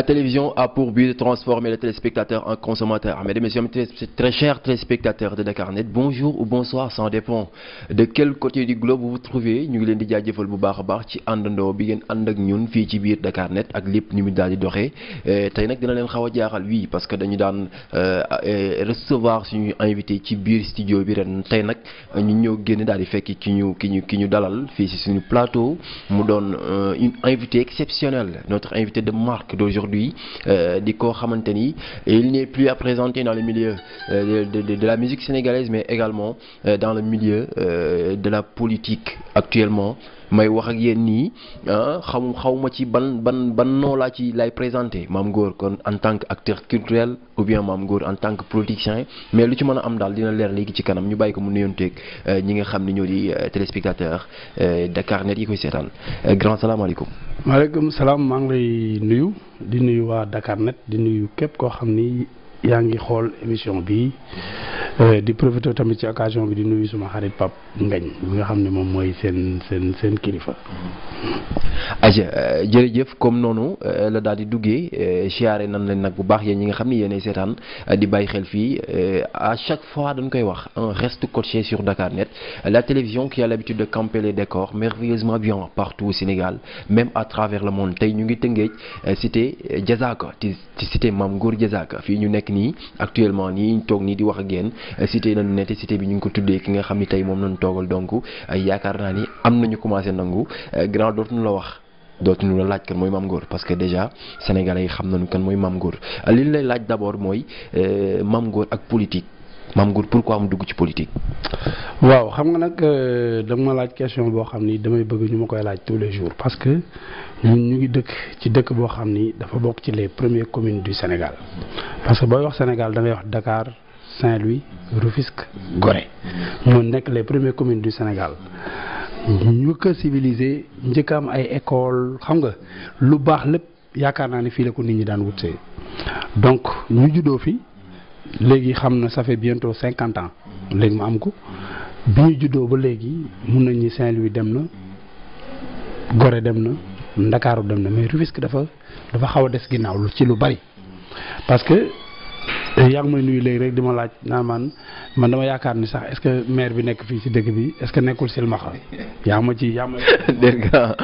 La télévision a pour but de transformer le téléspectateur en consommateur. Mesdames et messieurs, très téléspectateurs de Dakarnet, bonjour ou bonsoir, ça dépend de quel côté du globe vous vous ñu leen di jaajëfal bu baax a baax ci àndandoo bi ngeen ànd ak ñun fii ci biir Dakarnet ak lépp ni mu daal di doxee euh, tey nag dina leen xaw a jaaxal oui parce que dañu daan euh, euh, recevoir suñu invité ci biir studio bi ren tey nag ñu ñëw génne daal di fekk ci ñu ki ñu ki ñu dalal fii ci suñu plateau mu doon une invitée exceptionnelle notre invité aujourd'hui euh, di koo xamante ni il n'est plus à présenter dans le milieu euh, de, de, de la musique sénégalaise mais également euh, dans le milieu de la politique actuellement may wax ak yéen nii ah xaw xaw ci ban ban ban noo laa ci lay présenté Mame Ngor kon en tant que acteur culturel ou bien Mame Ngor en tant que politicien mais lu ci mën a am daal dina leer léegi ci kanam ñu bàyyi ko mu nuyoonteeg euh, ñi nga xam ne ñoo di euh, téléspectateur euh, Dakarnet yi koy seetaan grand salaamaaleykum. maaleykum salaam maa ngi nuyu di nuyu waa Dakarnet di nuyu képp koo xam ni yaa ngi xool émission bii Euh, di profité tamit ci occasion bi di nuyu suma xarit Pape Ngagne bi nga xam ne moom mooy seen seen seen kilifa. Mm-hmm. aja euh, jërëjëf comme noonu euh, la daal di duggee siyaare nan leen nag bu baax yéen ñi nga xam ne yéenay seetaan di bàyyi xel fii à chaque fois dañ koy wax un reste coaché sur Dakarnet la télévision qui a l'habitude de camper les décors merveilleusement bien partout au Sénégal même à travers le monde tey ñu ngi tëngeej cité Diazaka ci cité Mame Ngor Diazaka fii ñu nekk nii actuellement nii toog nii di wax ak yéen cité lañu ne te cité bi ñu ngi ko tuddee ki nga xam ni tey moom lañu toogal donc yaakaar naa ni am nañu commencé nangu euh, grand dootuñu la wax dootuñu la laaj kan mooy Mame Goor parce que déjà sénégalais yi xam nañu kan mooy Mame Goor euh, li lay laaj d'abord mooy euh, Mame Goor ak politique Mame pour pourquoi mu dugg ci politique. waaw xam nga nag da ma laaj question boo xam ni damay bëgg ñu ma koy laaj tous les jours parce que ñun ñu ngi dëkk ci dëkk boo xam ni dafa bokk ci les premières communes du Sénégal que booy wax Sénégal da wax Dakar. Saint-Louis Rufisque gore ñoo nekk les premières commune du Sénégal ñu ko civilisé njëkk am ay école xam nga lu baax lépp yaakaar naa ni fii la ko nit ñi daan wutsee donc ñu juddoo fi léegi xam na ça fait cinquante ans léegi mu am ko bi ñu juddoo ba léegi mun nañ ñi Saint-Louis dem na gore dem na Ndakaaru dem na mais Rufisque dafa dafa xaw des ginnaaw lu ci lu bari parce yaa ngi may nuyu léegi rek di ma laaj naa man man dama yaakaar ni sax est-ce que maire bi nekk fii si dëkk bi est-ce que nekkul silmaxa yaa ma ci yaa ma dégg nga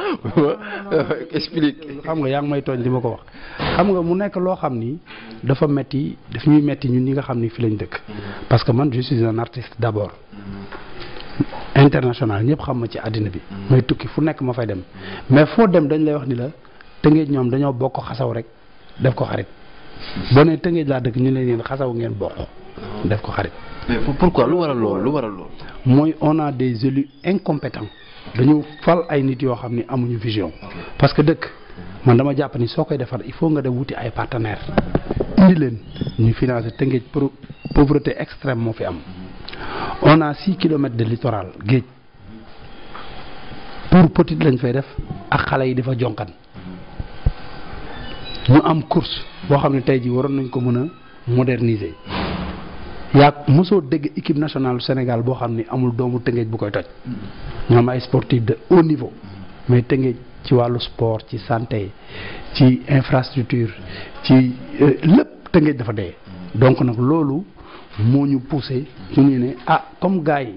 explique xam nga yaa ngi may tooñ di ma ko wax xam nga mu nekk loo xam ni dafa metti daf ñuy metti ñun ñi nga xam ni fi lañ dëkk parce que man je suis un artiste d'abord international ñëpp xam ma ci àddina bi may tukki fu nekk ma fay dem mais foo dem dañ lay wax ni la te ñoom dañoo bokk xasaw rek def ko xarit boo nee Tëngéej laa dëkk ñu ne leen xasaw ngeen bokk. def ko xarit. mais pourquoi lu waral lool lu waral mooy on a des élus incompétents. dañu fal ay nit yoo xam ni amuñu vision. parce que dëkk man dama jàpp ni soo koy defar il faut nga def wuti ay partenaires. indi leen ñu financer Tëngéej pour pauvreté extrême moo fi am. on a six kilomètres de littoral géej pour lañ fay def ak xale yi di fa jonkan ñu am course. boo xam ne tey jii waroon nañ ko mën a moderniser yaa mosoo dégg équipe nationale Sénégal boo xam ne amul doomu Tëngéej bu koy toj ñu am mm. ay sportif de haut niveau mm. mais Tëngéej ci wàllu sport ci santé ci infrastructure ci euh, lépp Tëngéej dafa dee. Mm. donc nag loolu moo ñu poussé ñu ne ah comme gars yi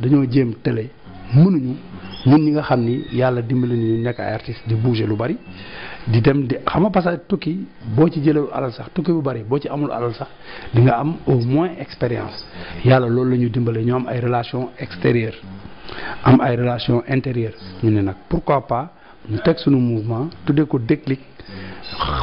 dañoo jéem télé mënuñu mun ñi nga xam ni yàlla dimbali ñu nekk ay artistes di bouger lu bari. di dem di xam nga parce que tukki boo ci jëlee alal sax tukki bu bari boo ci amul alal sax di nga am au moins expérience yàlla loolu la ñu dimbale ñu am ay relations extérieures am ay relations intérieures ñu ne nag pourquoi pas mu teg suñu mouvement tuddee ko déclic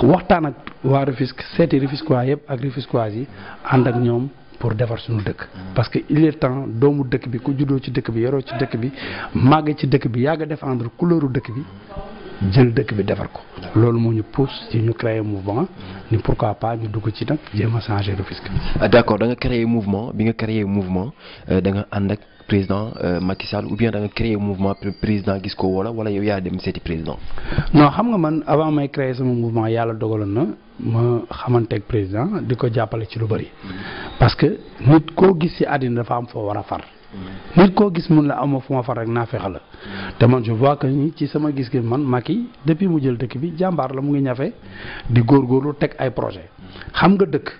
waxtaan ak waa Rufisque seeti Rufisquois yëpp ak Rufisquoise yi ànd ak ñoom pour defar suñu dëkk parce que il est temps doomu dëkk bi ku juddoo ci dëkk bi yoroo ci dëkk bi màgg ci dëkk bi yàgg défendre couleuru dëkk bi jël dëkk bi defar ko loolu moo ñu pousse ci ñu créer mouvement ni pourquoi pas ñu dugg ci nag jéem a changer Rufisque ah, d' accord da nga créer mouvement bi nga créer mouvement euh, da nga ànd ak président euh, Macky Sall ou bien da nga créer gis ko wala wala yow yaa dem seeti président non xam nga man avant may créer sama mouvement yàlla dogaloon na ma xamanteeg président di ko jàppale ci lu bëri mm. parce que nit koo gis ci àddina dafa am foo war a far nit koo gis mun la amoo fu ma far rek naa fexe la te man je vois que ni ci sama gis-gis man Macky depuis mu jël dëkk bi jàmbaar la mu ngi ñafe di góor góorgóorlu teg ay projet xam nga dëkk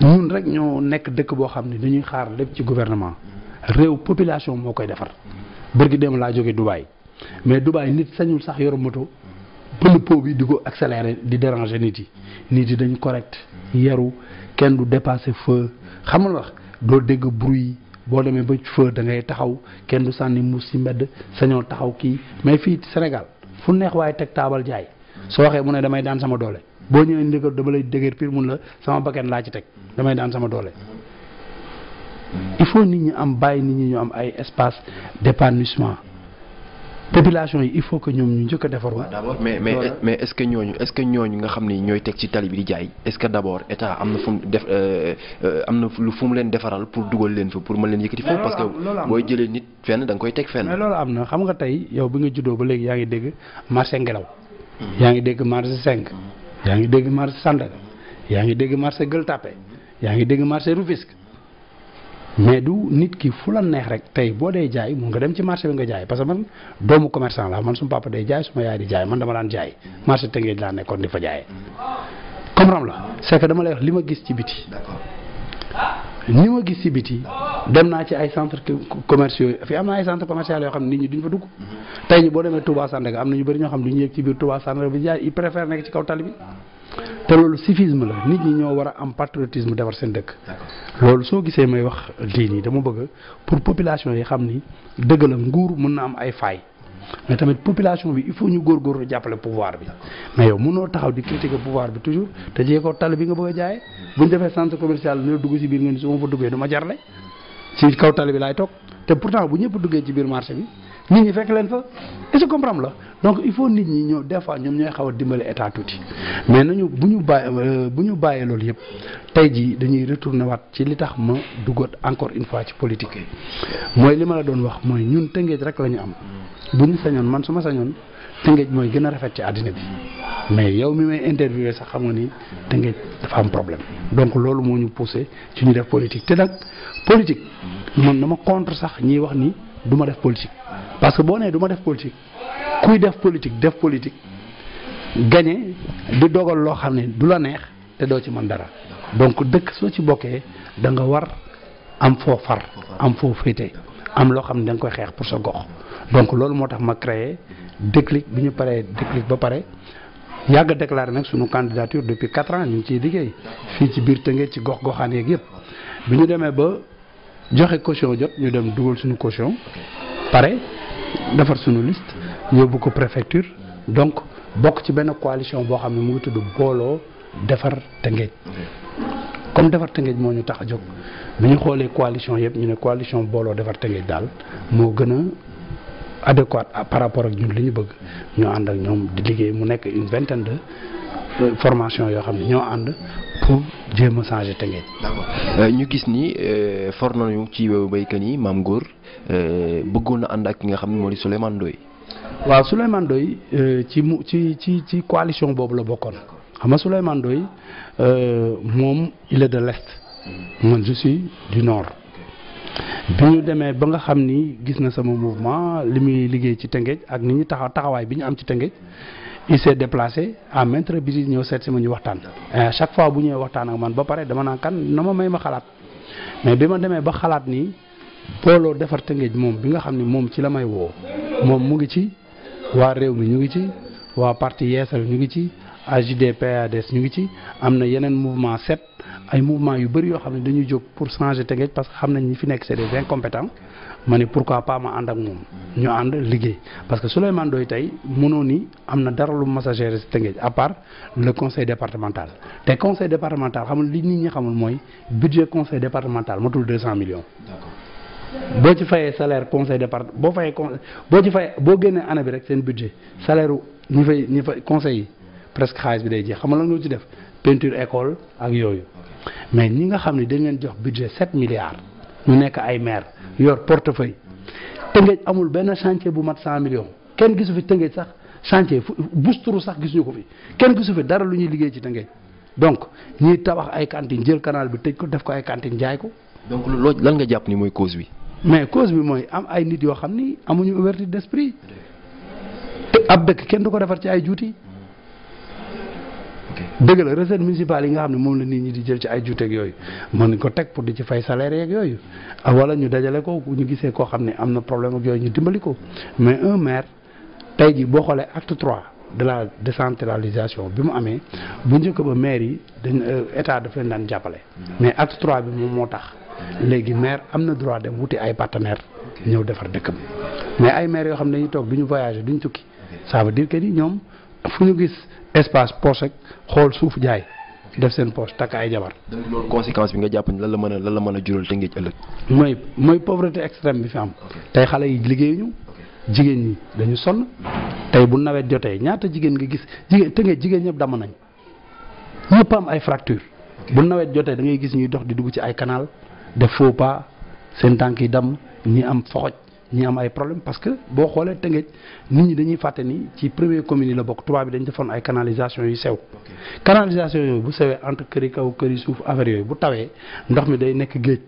ñun rek ñoo nekk dëkk boo xam ne dañuy xaar lépp ci gouvernement réew population moo koy defar bërgi dem laa jóge Dubaï mais Dubaï nit sañul sax yoru moto pënd po bi di ko accélérer di déranger nit yi nit yi dañ correct yaru kenn du dépasser feu xamul wax doo dégg bruit boo demee ba feu da ngay taxaw kenn du sànni muus si mbedd sañoo taxaw kii mais fii Sénégal fu neex waaye teg taabal jaay soo waxee mu ne damay daan sama doole boo ñëwee ndëgër dama lay dëgër pire mun la sama bakkan laa ci teg damay daan sama doole. il faut nit ñi am bàyyi nit ñi ñu am ay espace d'épanouissement population yi il faut que ñoom ñu njëkk a defarwaat. d'abord mais mais mais est-ce que ñooñu est-ce nga xam ni ñooy teg ci tali bi di jaay est-ce que d'abord état am na fu mu euh, euh, am na lu fu mu leen defaral pour dugal leen fa pour mën leen yëkkati foofu. parce que booy jëlee nit fenn da nga koy teg fenn. mais loolu am na xam nga tey yow bi nga juddoo ba léegi yaa ngi dégg marché ngelaw. Mm-hmm. yaa ngi dégg marché Cinq. Mm-hmm. yaa ngi dégg marché Sandaga. yaa ngi dégg marché Gueule Tapée. Mm-hmm. yaa ngi dégg marché Rufisque. mais du nit ki fu la neex rek tey boo dee jaay mun nga dem ci marché bi nga jaay parce que man doomu commerçant la man suma papa day jaay suma yaay di jaay man dama daan jaay marché Tëngéej laa nekkoon di fa jaayee. comprendre la c'est dama lay wax li ma gis ci biti. ni ma gis ci biti dem naa ci ay centres commerciaux fii am na ay centres commerciaux yoo xam nit ñi duñ fa dugg tey ñu boo demee Touba Sandaga am na ñu bëri ñoo xam ne yëg ci biir Touba Sandaga bi jaay ils préfèrent nekk ci kaw tali te loolu civisme la nit ñi ñoo war a am patriotisme defar seen dëkk. loolu soo gisee may wax lii nii dama bëgg pour population yi xam ni dëgg la nguur mën na am ay faay mais tamit population bi il faut ñu góorgóorlu jàppale pouvoir bi mais yow mënoo taxaw di critiquer pouvoir bi toujours te jege ko tali bi nga bëgg a jaayee bu ñu defee centre commercial ne dugg ci biir ngeen su ma fa duggee du ma jarle ci kaw tali bi laay toog te pourtant bu ñëpp duggee ci biir marché bi. nit ñi fekk leen fa est-ce la donc il faut nit ñi ñoo des fois ñoom ñooy xaw a dimbali état tuuti mais nañu bu ñu euh, bu ñu bàyyee loolu yëpp tey jii dañuy retourné waat ci li tax ma duggaat encore une fois ci politique mooy li ma la doon wax mooy ñun tëngeej rek la ñu am bu ñu sañoon man su ma sañoon tëngeej mooy gën a rafet ci àddina bi mais yow mi may interviewé sax xam nga ni tëngeej dafa am problème donc loolu moo ñu poussé ci ñu def politique te nag politique man dama contre sax ñiy wax ni. du ma def politique parce que boo nee du ma def politique kuy def politique def politique gagné di dogal loo xam ne du la neex te doo ci man dara donc dëkk soo ci bokkee da nga war am foo far am foo féete am loo xam ne da koy xeex pour sa gox donc loolu moo tax ma créer déclic bi ñu paree déclic ba pare yàgg a déclaré nag suñu candidature depuis quatre ans ñu ngi ciy liggéey fii ci biir Tëngéej ci gox goxaan yeeg yëpp bi ñu demee ba joxe caution jot ñu dem dugal suñu caution pare defar suñu liste yóbbu ko préfecture donc bokk ci benn coalition boo xam ne mu ngi tudd booloo defar Tëngéej comme defar Tëngéej moo ñu tax a jóg bi ñu xoolee coalition yëpp ñu ne coalition booloo defar Tëngéej daal moo gën a adéquate par rapport ak ñu li ñu bëgg ñu ànd ak ñoom di liggéey mu nekk une vingtaine de euh, formation yoo xam ne ñoo ànd pour jéem a changer euh, ñu gis ni euh, for nañu ci béykat yi maam Góor euh, bëggoon na ànd ak ki nga xam ne moo di Souleymane Ndoye. waaw Souleymane Ndoye ci mu ci ci ci coalition boobu la bokkoon xam nga Souleymane Ndoye moom il est de l'est mm-hmm. man je du nord bi ñu demee ba nga xam ni gis na sama mouvement li muy liggéey ci Tëngéej ak ni ñu taxaw taxawaay bi ñu am ci Tëngéej il s'est déplacé à maintes reprises ñëw seet si ma ñu waxtaan à eh, chaque fois bu ñëwee waxtaan ak man ba pare dama naa kan na ma may ma xalaat mais bi ma demee ba xalaat nii booloo defar Tëngéej moom bi nga xam ne moom ci la may woo moom mu ngi ci waa réew mi ñu ngi ci waa parti yeesal ñu ngi ci AJDPADS ñu ngi ci am na yeneen mouvement set ay mouvement yu bëri yoo xam ne dañuy jóg pour changer Tëngéej parce que xam nañ ñi fi nekk c'est des incompétents ma ne pourquoi pas ma ànd ak moom. ñu ànd liggéey parce que Souleymane Doy tey mënoo ni am na dara lu messager si Tëngéej à part le conseil départemental te conseil départemental xamul li nit ñi xamul mooy budget conseil départemental matul deux cent millions. boo ci fayee salaire conseil départ boo fayee con boo ci fayee boo génnee année bi rek seen budget salaire ñi fay ñi fay conseil yi presque xaalis bi day jeex xam nga lan nga ci def peinture école ak yooyu mais ñi nga xam ne dañ leen jox budget sept milliards. ñu nekk ay maire yor portefeuille Tëngéej amul benn chantier bu mat cent millions kenn gisu fi Tëngéej sax chantier busturu sax gisuñu ko fi kenn gisu fi dara lu ñuy liggéey ci Tëngéej donc ñuy tabax ay cantine jël canal bi tëj ko def ko ay cantine jaay ko. donc loo lan nga jàpp ni mooy cause bi. mais cause bi mooy am ay nit yoo xam ni amuñu ouverture d'esprit te ab dëkk kenn du ko defar ci ay juuti. dëgg la recette municipale yi nga xam ne moom la nit ñi di jël ci ay juuteeg yooyu mën nañ ko teg pour di ci fay salaire yooyu ah, wala ñu dajale ko ñu gisee koo xam ne am na problème ak yooyu ñu dimbali ko mais un maire tey jii boo xoolee acte trois de la décentralisation bi mu amee bu njëkk ba maire yi dañ euh, état daf leen daan jàppale. mais acte bi moom moo tax léegi maire am na droit dem wuti ay partenaires ñëw defar dëkkam mais ay maire yoo xam ne dañuy toog du ñu voyager du ñu tukki ça veut dire que ñoom fu ñu gis. espace poche ak xool suuf jaay def seen poche takk ay jabar. loolu bi nga jàpp la mën a lan la mën a jural Tëngéej ëllëg. mooy mooy pauvreté extrême bi fi am. tey xale yi liggéeyuñu. jigéen ñi dañu sonn tey bu nawet jotee ñaata jigéen nga gis jigéen Tëngéej jigéen ñëpp damm nañ ñëpp am ay fracture bu nawet jotee da gis ñuy dox di dugg ci ay canal def faux pas seen tànk yi damm ñi am foxoj ñu am ay problème parce que boo xoolee Tëngéej nit ñi dañuy fàtte ni ci premier commune yi la bokk tubaab bi dañu defoon ay canalisation yu sew canalisation yooyu bu sewee entre këri kaw këri suuf affaire yooyu bu tawee ndox mi day nekk géej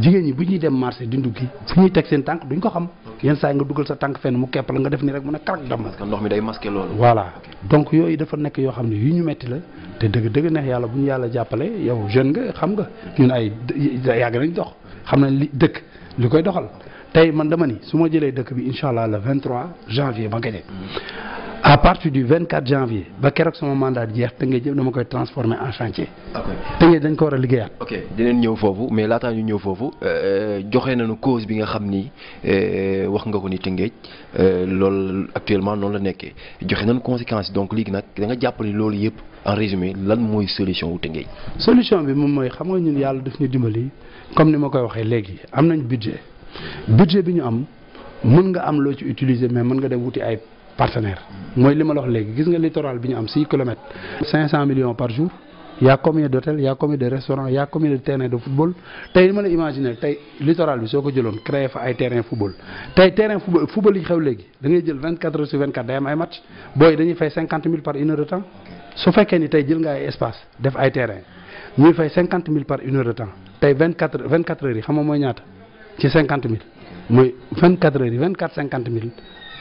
jigéen ñi bu ñuy dem marché di ndugg fu ñuy teg seen tànk duñ ko xam yenn saa yi nga dugal sa tànk fenn mu kepp la nga def ni rek mu ne karak dam ndox mi day masqué loolu voilà donc yooyu dafa nekk yoo xam ne yu ñu metti la te dëgg dëgg neex yàlla bu yàlla jàppale yow jeune nga xam nga ñun ay yàgg nañ dox xam nañ li dëkk li koy doxal tey man dama ni su ma jëlee dëkk bi incha allah le 23 janvier ba gañe à vingt du 24 janvier ba keroog sama mandat jeex te nga jëm dama koy transformer en chantier. te dañ ko war a liggéeyaat. ok dinañ ñëw foofu mais laataa ñu ñëw foofu euh, euh, joxe nañu cause bi nga xam ni euh, wax nga ko ni Tëngéej loolu actuellement noonu la nekkee joxe nañu conséquence donc léegi nag da nga jàpp ni loolu yëpp en résumé lan mooy solution wu Tëngéej. solution bi moom mooy xam nga ñun yàlla daf ñu dimbali comme ni ma koy waxee léegi am nañ budget. budget bi ñu am mën nga am loo ci utiliser mais mën nga dem wuti ay partenaire mooy li ma la wax léegi gis nga littoral bi ñu am six kilomètres. cinq cent par jour y' a combien d' hôtels y' a combien de restaurants y' a de terrain de football tey li ma la imaginer tey littoral bi soo ko jëloon créé fa ay terrain football tey terrain football football yi xew léegi da ngay jël vingt quatre heures sur vingt quatre day am ay match booy dañuy fay cinquante mille par une heure de ni tey jël nga ay espace def ay terrain ñuy fay par une heure de temps tey vingt mooy ñaata. ci cinquante mille mooy vingt quatre heures yi vingt quatre cinquante mille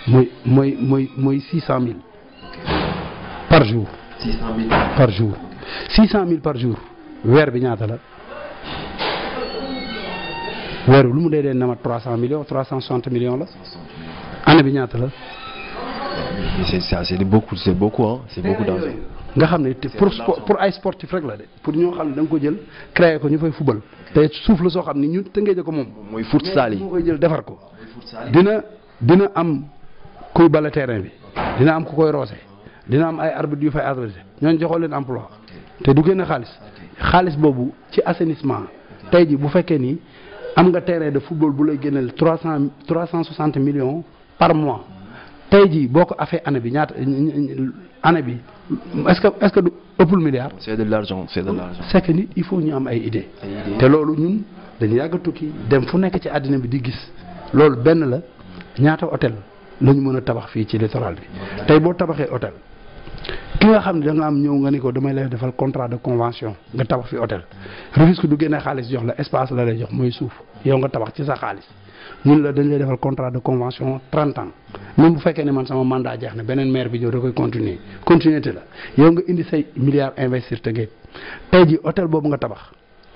mooy mooy mooy mooy six cent mille par jour. mille par jour six cent mille par jour weer bi ñaata la weer bi lu mu dee dee na ma trois cent millions trois cent soixante million la année bi ñaata la. c'est ça c'est beaucoup c'est beaucoup hein c'est nga xam ne pour pour pour ay sportif rek la de pour ñoo xam ne da ko jël créé ko ñu fay fubal te suuf la soo xam ne ñu tëngee ko moom. mooy futsal yi moo koy jël defar ko. dina dina am kuy bale terrain bi dina am ku koy roose dina am ay arbitre yu fay adressé ñooñu joxoo leen emploi te du génn xaalis xaalis boobu ci assainissement tey ji bu fekkee ni am nga terrain de football bu lay génneel trois cent trois cent soixante million par mois tey ji boo ko afee année bi ñaata année bi. est-ce que est-ce que du ëppul milliard. c'est de l'argent c'est de l'argent. c'est que nit il faut ñu am ay idées. te loolu ñun dañu yàgg a tukki dem fu nekk ci àddina bi di gis loolu benn la ñaata otel la ñu mën a tabax fii ci littoral bi tey boo tabaxee hôtel. ki nga xam ne da nga am ñëw nga ni ko damay lay defal contrat de convention nga tabax fi hôtel Rufisque du génne xaalis jox la espace la lay jox mooy suuf yow nga tabax ci sa xaalis ñun la dañu lay defal contrat de convention 30 ans même bu fekkee ne man sama mandat jeex na beneen maire bi ñëw da koy continuer continuer te la yow nga indi say milliards investir te ngay tey ji hôtel boobu nga tabax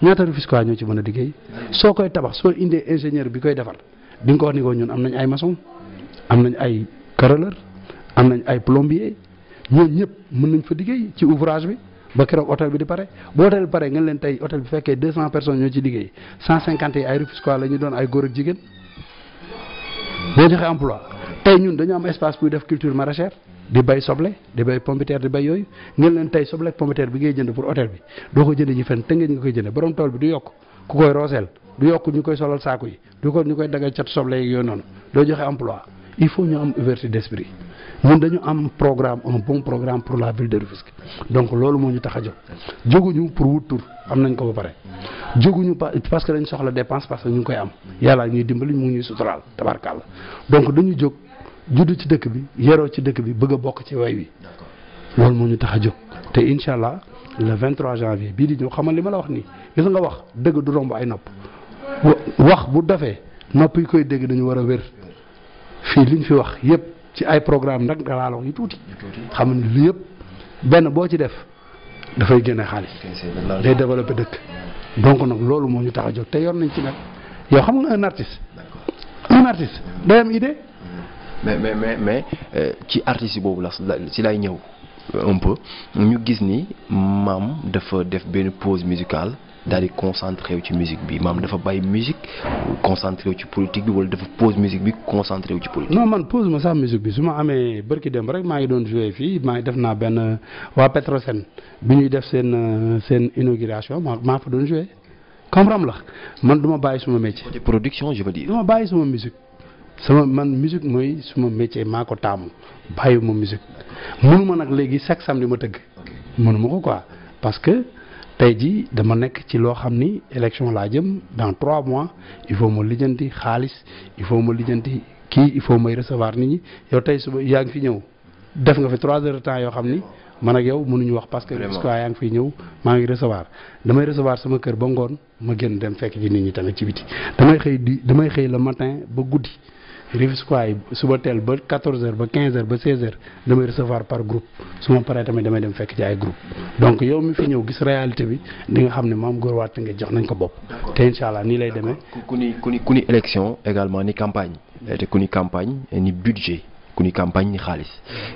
ñaata Rufisque ñoo ci mën a liggéey soo koy tabax soo indee ingénieur bi koy defar di ko wax ni ko ñun am nañ ay maçon am nañ ay carreleur am nañ ay plombier ñooñu ñëpp mën nañ fa liggéey ci ouvrage bi ba keroog hôtel bi di pare bu hôtel bi pare nga leen tey hôtel bi fekkee deux cent personnes ñoo ci liggéey cent cinquante yi ay Rufisquois la ñu doon ay góor ak jigéen boo joxe emploi tey ñun dañu am espace buy def culture maraîchère di bay soble di bay pompiteer di bay yooyu ngeen soble ak pompiteer bi ngay jënd pour hôtel bi doo ko jënd ji fenn tëngéej nga koy jënde borom tool bi du yokk ku ñu koy solal saaku yi du ko ñu koy dagal cat soble yeeg yooyu noonu joxe emploi il faut ñu am ouverture d'esprit ñun dañu am programme un bon programme pour la ville de Rufisque donc loolu moo ñu taxa jog jóg ñu pour wut tur am nañ ko ba pare jóguñu parce que dañ soxla dépense parce que ñu ngi koy am yàlla ñuy dimbali mu ngi ñuy suturaal tabarkàlla donc dañu jog juddu ci dëkk bi yeroo ci dëkk bi bëgg a bokk ci way wi loolu moo ñu tax a jóg te incha allah le 23 janvier bii di ñëw xamal li ma la wax nii gis nga wax dëgg du romb ay nopp wax bu dafee nopp yi koy dégg dañu war a wér fii liñ fi wax yépp ci ay programme nag nga laaloo tuuti. xam ne lu yëpp benn boo ci def dafay génne xaalis. day développé dëkk. donc nag loolu moo ñu tax a jóg te yoon nañ ci nag yow xam nga un artiste. un artiste day am idée. Mm. mais mais mais mais euh, ci artiste boobu la si lay ñëw. un peu ñu gis ni maam dafa def benn pause musicale daal di concentré ci musique bi maam dafa bàyyi musique concentré wu ci politique bi wala dafa pause musique bi concentré wu ci politique. non man pause ma sax musique bi su ma amee bërki dem rek maa ngi doon joué fii maa ngi def naa benn waa Petrosen bi ñuy def seen seen inauguration maa maa fa doon joué comprendre la man du ma bàyyi suma métier. côté production je veux dire. du ma bàyyi suma musique man musique mooy suma métier maa ko taamu bàyyiwuma musique mënuma nag léegi chaque samedi ma tëgg mënuma ko quoi parce que. tey jii dama nekk ci loo xam ni élection laa jëm dans trois mois il faut ma lijjanti xaalis il faut ma lijjanti kii il faut may recevoir nit ñi yow tey suba yaa ngi fi ñëw def nga fi trois heures de temps yoo xam ni man ak yow nu ñu wax parce que puisque yaa ngi fiy ñëw maa ngi recevoir damay recevoir sama kër ba ngoon ma gën dem fekk ji nit ñi tamit ci biti damay xëy di damay xëy le matin ba guddi Rufisquois yi suba teel ba 14h ba 15h ba 16h damay recevoir par groupe su ma paree tamit damay dem fekk ci ay group donc yow mi fi ñëw gis réalité bi di nga xam ne maam Góor Waat nga jox nañ ko bopp. te incha allah nii lay demee. ku ni ku ni ku ni élection également ni campagne. te ku ni campagne ni budget. ku ñuy campagne xaalis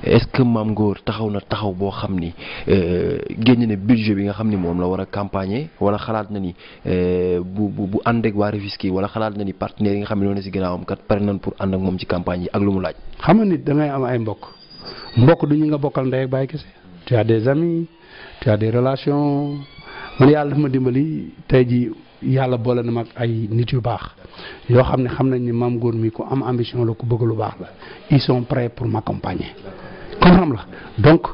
est-ce que Mame Ngor taxaw na taxaw boo xam ni euh, génn ne budget bi nga xam ni moom la war a campagner wala xalaat na ni euh, bu bu bu ànd ak waa Rufisque wala xalaat na ni partenaires yi nga xam ne ñoo ne si gannaawam kat pare nañ pour ànd ak moom ci campagne yi ak lu mu laaj. xam nga nit da am ay mbokk mbokk du ñu nga bokkal ndey ak baay kese tu as des amis tu des relations man yàlla ma dimbali tey jii. yàlla boole na mag ay nit yu baax yoo xam ne xam nañ ni maam góor mi ku am ambition la ku bëgg lu baax la ils sont prêts pour m'accompagner comprendre la donc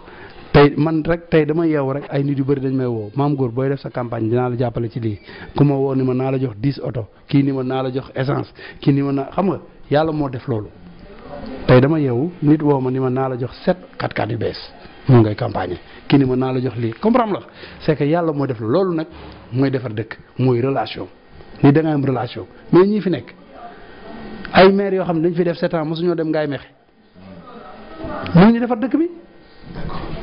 tey man rek tey dama yeew rek ay nit yu bari dañ may woo maam góor booy def sa campagne dinaa la jàppale ci lii ku ma woo ni ma naa la jox dix oto kii ni ma naa la jox essence kii ni ma naa xam nga yàlla moo def loolu tey dama yeewu nit woo ma ni ma naa la jox sept 4 x yu bees moo ngay campagne kii ni mën naa la jox lii comprendre la c'est que yàlla moo def loolu nag mooy defar dëkk mooy relation ni da am relation mais ñii fi nekk ay maire yoo xam ne dañ fi def sept ans mosuñoo dem ngaay mexe ñu defar dëkk bi.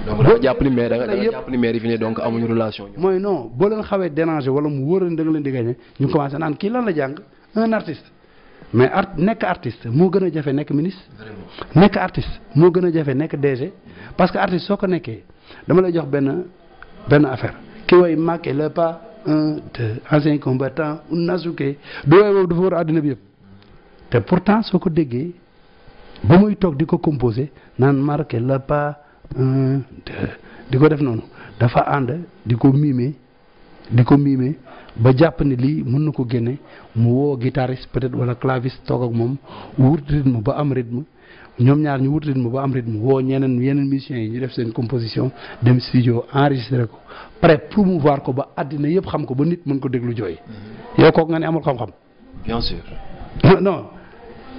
donc da nga jàpp ni maire da nga jàpp yi ne donc amuñu relation. mooy non boo leen xawee déranger wala mu wóor leen da nga leen di gagné ñu commencé naan kii lan la jàng un artiste. mais art nekk artist moo gën a jafe nekk minis nekk artiste moo gën a jafe nekk DG. parce que artiste soo ko nekkee dama lay jox benn benn affaire ki way marqué le pas un deux ancien combattant un nasuke du way boobu dafa war a bi yëpp te pourtant soo ko déggee ba muy toog di ko composé naan marqué la pa un di ko def noonu dafa ànd di ko mimer di ko mimer. ba jàpp ne lii mën na ko génne mu woo guitariste peut-être wala claviste toog ak moom wut rythme ba am rythme ñoom ñaar ñu wut rythme ba am rythme woo ñeneen yeneen musiciens yi ñu def seen composition dem studio enregistré ko pare promouvoir ko ba àddina yëpp xam ko ba nit mën ko déglu jooy. Mm-hmm. yow kook nga ne amul xam-xam. bien sûr. non non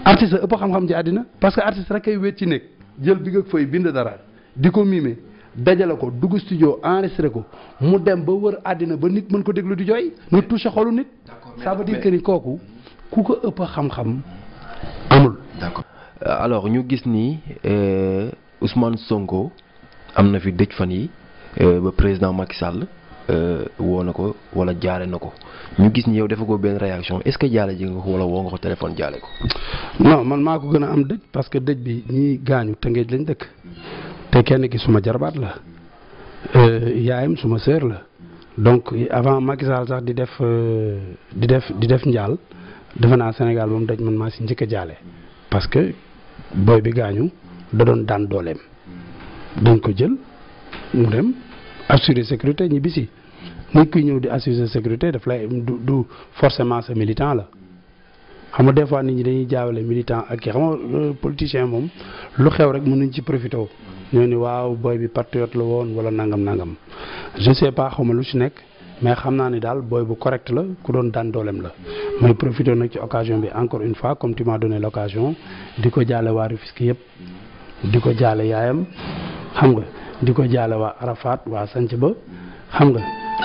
artiste ëpp xam-xam ci àddina parce que artiste rek kay wéet ci nekk jël bi nga fay bind dara di ko miime dajale ko dugg studio enregistré ko mu dem ba wër àddina ba nit mën ko déglu di jooy mu touché xolu nit ça veut dire que kooku ku ko ëpp a xam-xam amul d'accord euh, alors ñu gis ni euh, Ousmane Sonko am na fi dëj fan yi euh, ba président Macky Sall woo na ko wala jaare na ko ñu gis ni yow defe ko benn réaction est-ce que jaale ji nga ko wala woo nga ko téléphone jaale ko non man maa ko gën a am dëj parce que dëj bi ñiy gaañu Tëngéej lañ dëkk te kenn ki suma jarbaat la euh, yaayam suma sœur la donc avant Macky Sall sax di def euh, di def di def njaal defe naa Sénégal ba mu daj man maa si njëkk a jaale parce que booy bi gaañu da doon daan dooleem dañ ko jël mu dem assurer sécurité ñibbisi bisi muy ñëw di assurer sécurité daf lay du du forcément sa militant la xam nga des fois nit ñi dañuy jaawale militant ak kii xam nga euh, politicien moom lu xew rek mën nañ ci profité ñoo ni waaw booy bi patriote la woon wala nangam nangam je sais pas xaw ma lu si nekk mais xam naa ni daal booy bu correct la ku doon daan doolem la mooy profité nag ci occasion bi encore une fois comme tu m'as donné di ko jaale waa Rufisque yëpp di ko jaale yaayam xam nga di ko jaale waa Arafat waa sanc ba xam nga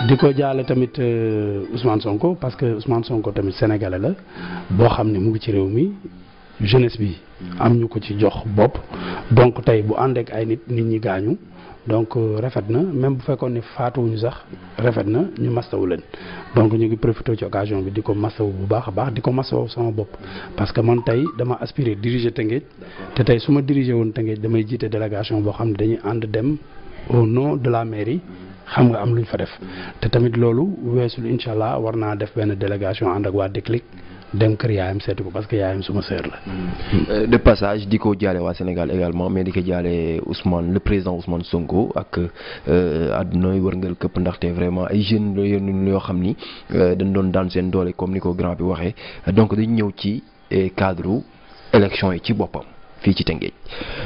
di ko jaale tamit euh, Ousmane Sonko parce que Ousmane Sonko tamit sénégalais la boo xam ne mu ngi ci réew mi jeunesse bi am ñu ko ci jox bopp donc tey bu àndeek ay nit nit ñi gaañu donc euh, rafet na même bu fekkoon ne faatuwuñu sax rafet na ñu mastawu leen donc ñu ngi profité ci occasion bi di ko mastawu bu baax a baax di ko mastawu sama bopp parce que man tey dama aspiré diriger Tëngéej te tey su ma diriger woon Tëngéej damay jiite délégation boo xam ne dañuy ànd dem au non de la mairie xam nga am lu ñu fa def te tamit loolu weesul incha allah war naa def benn délégation ànd ak waa Déclic dem kër yaayam seetu ko parce que yaayam suma sœur la. Hmm. Euh, de passage di ko jaale waa Sénégal également mais di ko jaale Ousmane le président Ousmane Sonko ak war euh, wërngal këpp ndaxte vraiment ay jeunes yoo xam ni euh, dañ doon daan seen doole comme ni ko grand bi waxee donc dañ ñëw ci eh, cadre élection yi ci boppam. fii ci Tëngéej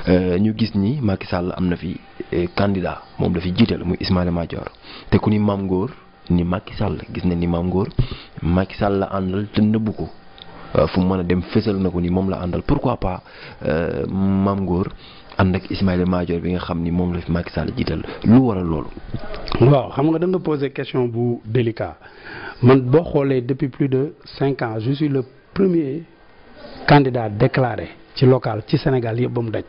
euh, ñu gis ni Macky Sall am na fi euh, candidat moom la fi jiital muy Ismaïla Madior te ku ni maam Ngor ni Macky gis na ni maam Ngor Macky Sall la àndal te nëbbu ko euh, fu mu mën a dem fësal na ko ni moom la àndal pourquoi pas maam Ngor ànd ak Ismaïla Madior bi nga xam ni moom la fi Macky Sall jiital lu waral loolu. waaw xam nga da nga question bu délicat man boo xoolee depuis plus de cinq ans je suis le premier candidat déclaré. ci local ci Sénégal yëpp ba mu daj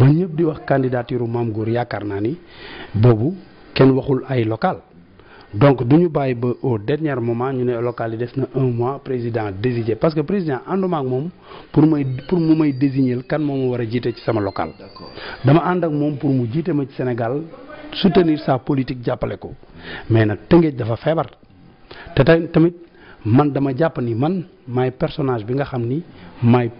ba ñëpp di wax candidature maam Goor yaakaar naa ni boobu kenn waxul ay local donc du ñu bàyyi ba au dernier moment ñu ne local yi des na un mois président désigné parce que président ànduma moom pour may pour mu may désigner kan moom war a jiite ci sama local. dama ànd ak moom pour mu jiite ma ci Sénégal soutenir sa politique jàppale ko mais nag Tëngéej dafa feebar te tamit man dama jàpp ni man maay personnage bi nga xam ni maay.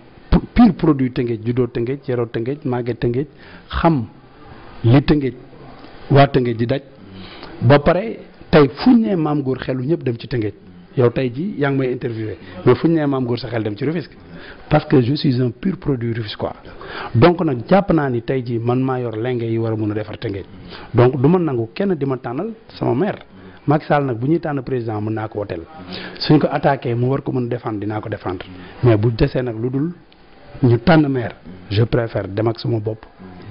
pur produit Tëngéej juddoo Tëngéej yaroo Tëngéej màggee Tëngéej xam li Tëngéej waa Tëngéej di daj ba pare tey fu ne nee maam góor xelu ñëpp dem ci Tëngéej yow tey ji yaa ngi may interviewé mais fu ñu maam góor sa xel dem ci Rufisque parce que je suis un pur produit rufisquois donc nag jàpp naa ni tey jii man maa yor lenge yi war a mun a defar Tëngéej donc du ma nangu kenn di ma tànnal sama maire Macky Sall nag bu ñuy tànn président mën naa ko woteel suñ ko attaqué mu mën a défendre dinaa ñu tànn maire je préfère dem ak sama bopp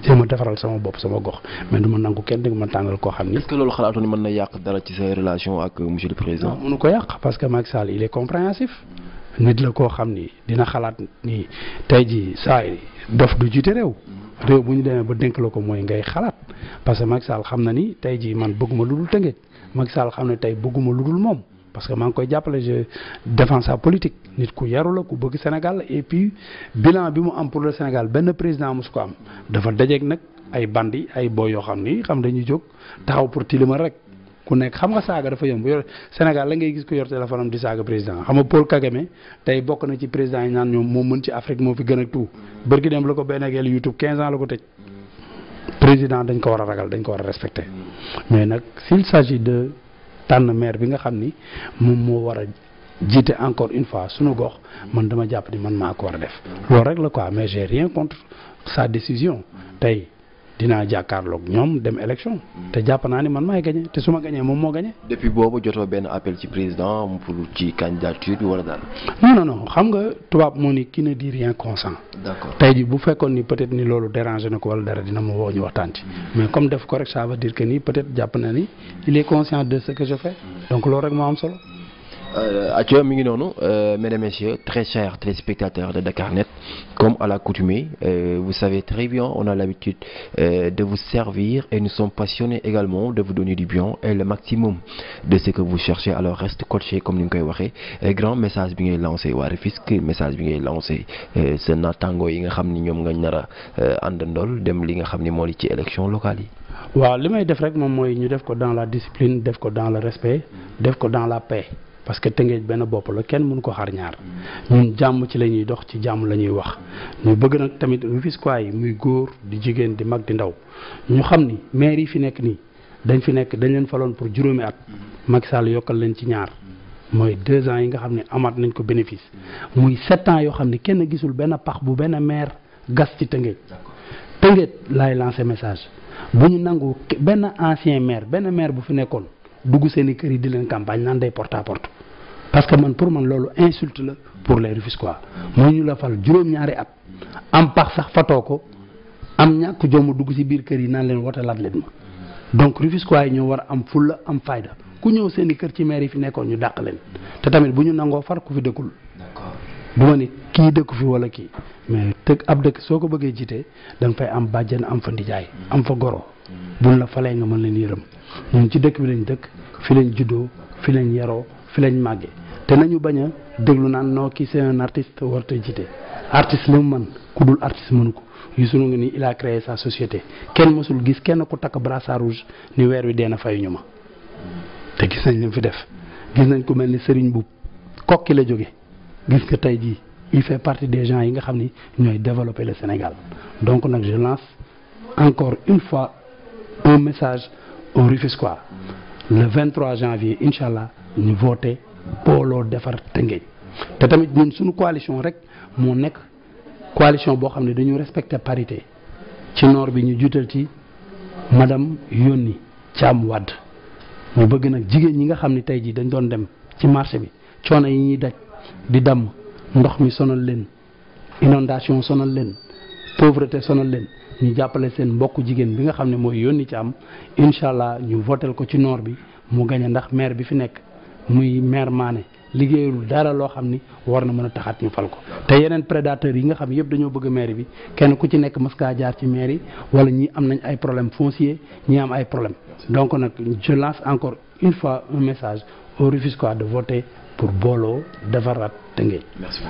jéem defaral sama bopp sama gox mais du ma nangu kenn di ma tànnal koo xam ni. est-ce que loolu na yàq dara ci sa relation ak monsieur le président. mënu ko yàq parce que Macky Sall il est compréhensif nit la koo xam ni dina xalaat ni tey jii saa dof du jiite réew. réew bu ñu demee ba dénk la ko mooy ngay xalaat parce que Macky Sall xam na ni tey jii man bëgguma lu dul tënge Macky xam ne tey bëgguma lu dul moom. parce que maa ngi koy jàppale je défends sa politique nit ku yaru ku bëgg Sénégal et puis bilan bi mu am pour le Sénégal benn président mosu ko am dafa dajeeg nag ay bandi ay boy yoo xam ni xam dañuy jóg taxaw pour tilimal rek ku nekk xam nga saaga dafa yomb yor Sénégal la ngay gis ko yor téléphone am di saaga président xam nga Paul Kagame tey bokk na ci président yi naan ñoom moo mën ci Afrique moo fi gën a tout bërki dem la ko benn YouTube président dañ ko war a ragal dañ ko war a respecter tànn maire bi nga xam ni moom moo war a jiite encore une fois suñu gox man dama jàpp ni mën maa ko war a def loolu rek la quoi mais j'ai rien contre sa décision tey dinaa jàkkaarloog ñoom dem élection. Mm. te jàpp naa ni man maay gagné te su ma gagné moom moo gagné. depuis boobu jotoo benn appel ci président pour ci candidature bi wala daal. non non non xam nga tubaab moo ni qui ne dit rien consent. d'accord bu fekkoon ni peut-être ni loolu dérangé na ko wala dara dina ma woo ñu waxtaan mm. mais comme def ko rek veut dire que ni peut-être jàpp na ni il est conscient de ce que je fais. Mm. donc loolu rek moo am solo. Euh, Atia mi ngi noonu euh, mesdames et messieurs très chers téléspectateurs de Dakarnet comme à la euh, vous savez très bien on a l'habitude euh, de vous servir et nous sommes passionnés également de vous donner du bien et le maximum de ce que vous cherchez alors reste coaché comme ni nga koy waxee grand message bi ngay lancé waa Rufisque message bi ngay lancé euh, sa naataango yi nga xam ni ñoom nga nara a àndandool dem li nga xam ni moo li ci élection locale yi. waaw moom mooy ñu def ko dans la discipline def ko dans le respect def ko dans la paix. parce que Tëngéej benn bopp la kenn mënu ko xar ñaar ñun jàmm ci la ñuy dox ci jàmm la ñuy wax ñu bëgg nag tamit Rufisquois yi muy góor di jigéen di mag di ndaw ñu xam ni maire yi fi nekk nii dañ fi nekk dañu leen faloon pour juróomi at Macky yokkal leen ci ñaar mooy deux ans yi nga xam ne amaat nañ ko bénéfice muy sept ans yoo xam ne kenn gisul benn pax bu benn maire gas ci Tëngéej Tëngéej laay lancé message bu ñu nangu benn ancien maire benn maire bu fi nekkoon dugg seen kër yi di leen campagne naan day porte port parce que man pour man loolu insulte la pour les Rufisquois mooy ñu la fal juróom-ñaari at am pax sax fatoo ko am ñàkk jom dugg si biir kër yi naan leen wotalaat leen ma donc Rufisquois yi ñoo war a am fulla am fayda ku ñëw seen i kër ci maire yi fi nekkoon ñu dàq leen te tamit bu ñu nangoo far ku fi dëkkul du ma ne kii dëkku fi wala kii mais tëgg ab dëkk soo ko bëggee jiite da nga fay am bàjjen am fa ndijaay am fa goro mm-hmm. la falee nga mën leen yërëm ñun ci dëkk bi lañ dëkk fi lañ juddoo fi lañ yaroo fi lañ màggee te nañu bañ déglu naan noo kii c'est un artiste warta jiite artiste la mu mën ku dul artiste mënu ko Youssou Ndour ngi ni il a créé sa société kenn mësul gis kenn ku takk brassard rouge ni weer wi dee na fay ñu ma te gis nañ li mu fi def gis nañ ku mel ni Serigne Boub kokki la jóge gis nga tey jii il fait partie des gens yi nga xam ni ñooy développer le Sénégal donc nag je encore une fois au Rufisquois le 23 janvier incha allah ñu voté booloo defar Tëngéej te tamit ñun suñu coalition rek moo nekk coalition boo xam ne dañu respecté parité ci noor bi ñu juutal ci madame Yoni Thiam Wade ñu bëgg nag jigéen ñi nga xam ne tey jii dañ doon dem ci marché bi coono yi ñuy daj di damm ndox mi sonal leen inondation sonal leen pauvreté sonal leen ñu jàppale seen mbokku jigéen bi nga xam ne mooy yónni ci am incha allah ñu votel ko ci noor bi mu gañe ndax maire bi fi nekk muy maire Mané liggéeyul dara loo xam ni war na mën a taxaat ñu fal ko te yeneen prédateurs yi nga xam yëpp dañoo bëgg maire bi kenn ku ci nekk mas jaar ci maire yi wala ñi am nañ ay problème foncier ñi am ay problème donc nag je lance encore une fois un message aux Rufisquois de voter pour booloo defaraat Tëngéej.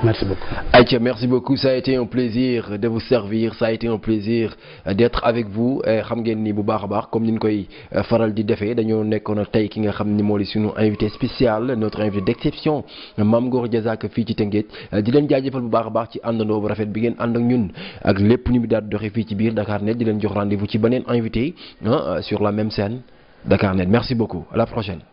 merci beaucoup Aïcha merci beaucoup ça a été un plaisir de vous servir ça a été un plaisir euh, d'être avec vous xam ngeen nii bu baax a baax comme ni ñu koy euh, faral di defee dañoo nekkoon tey ki nga xam ni moo di suñu invité spécial notre invité d'exception maam Gor Diazaka fii ci Tëngéej euh, di leen jaajëfal bu baax a baax ci àndandoo bu rafet bi ngeen ànd ak ñun ak lépp ñu mu daal di doxee fii ci biir Dakarnet di leen jox rendez-vous ci ba neen invité sur la même scène Dakarnet merci beaucoup à la prochaine.